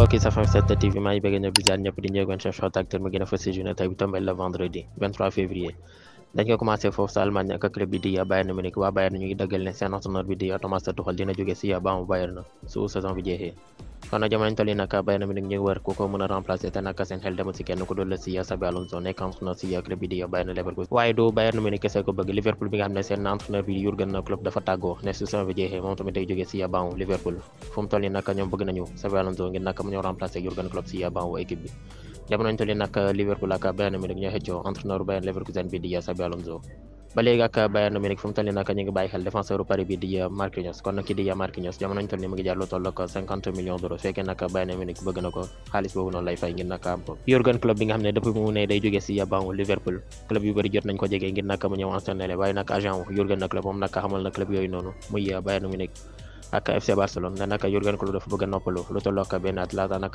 mbokk yi safam 7 TV maa ngi bëgg ñëpp di di njëgoon chef shot acteur gën a fës si tey bi tombé le vendredi 23 février dañ ko commencé foofu sa Allemagne ak club bi di Bayern Munich waa Bayern ñu ngi daggal ne seen entraîneur bi di Thomas Tuchel dina jóge si banc Bayern su saison bi jeexee kon nag jamono toll nag Bayern Munich ñu ngi wër ku mën a remplacer te nag seen xel demul si kenn ku dul si Xabi Alonso nekk entraîneur bi di Bayern Leverkusen dafa tàggoo ne su saison bi jeexee moom tamit day jógee si banc Liverpool fu mu toll ñoom bëgg nañu Xabi Alonso ngir nag mu ñoo remplacer Jürgen Klopp si banc équipe bi jamono toll nag Liverpool ak Bayern Munich ñoo xëccoo entraîneur Bayern Leverkusen bi di Xabi Alonso ba léegi ak Bayern Munich fu mu toll nii nag ñu ngi bàyyi xel défenseur Paris bi di Marquinhos kon nag ki di Marquinhos jamono ñu toll mu ngi jar lu toll ak millions d'euros su fekkee nag Bayern Munich bëgg na ko xaalis boobu noonu lay fay ngir nag am ko Jürgen bi nga xam ne depuis mu ne day jógee si bangu Liverpool club yu bëri jot nañ ko jege ngir nag mu ñëw entraîné waaye nag agent wu Jürgen moom nag xamal na club yooyu noonu a noppalu at laata nag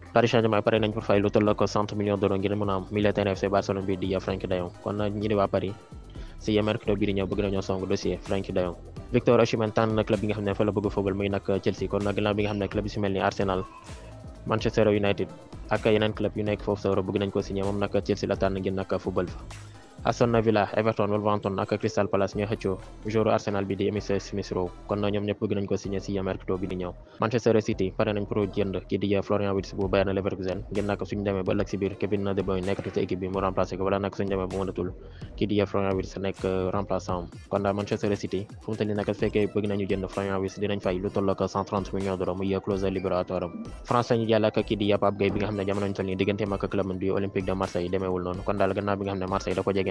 Paris Saint-Germain pare nañ pour ngir mën a am militaire FC Barcelone bi di Frenkie de Jong kon ñi di waa Paris si mercato bi ñëw bëgg nañoo song dossier Frenkie de Jong Victor tànn na club bi nga xam ne football muy nag Chelsea kon nag gannaaw bi nga xam ne club yi mel ni Arsenal Manchester United ak yeneen club yu nekk foofu sa bëgg nañ ko signé moom nag Chelsea la tànn ngir nag football fa Aston Villa Everton Wolverhampton ak Crystal Palace ñooy xëccoo joueur Arsenal bi di Emile Smith Rowe euh, kon daal Manchester bi nga xam ne jamono ñu toll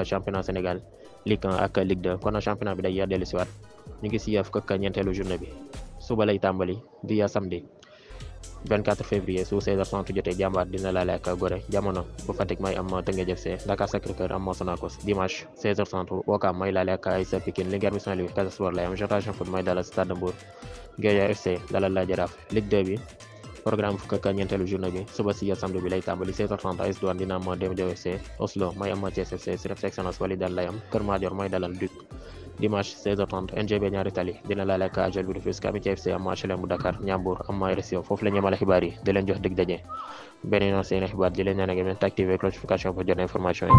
ak championnat Sénégal Ligue 1 ak Ligue 2 kon championnat bi day yaa siwaat ñu ngi si fukk ak ñeenteelu journée bi suba lay tàmbali di ya samedi 24 février su 16h30 jotee jàmbaar dina laale ak Gorée jamono bu Fatick may am Teungueth FC Dakar Sacré-Cœur am Sonacos dimanche 16 may laale ak AS Pikine Linguère bu Saint-Louis Casa Sport lay am Génération Foot may dalal Stade Mbour Guédiawaye dalal la Jaraaf Ligue 2 bi. programme fukk ak ñeenteelu journée bi suba si samedi bi lay tàmbali 16 h dina am DMDOFC Oslo mooy am Thiès FC Refs Excellence Walidane lay am Kër Madior mooy dalal Duc NGB Ñaari Tali dina laale ak AJEL bu Rufisque Amitié FC am HLM bu Dakar Ñambour am RSO foofu la ñu xibaar yi di leen jox dig daje beneen yoon seen xibaar di leen ñaan activer notification pour jot information yi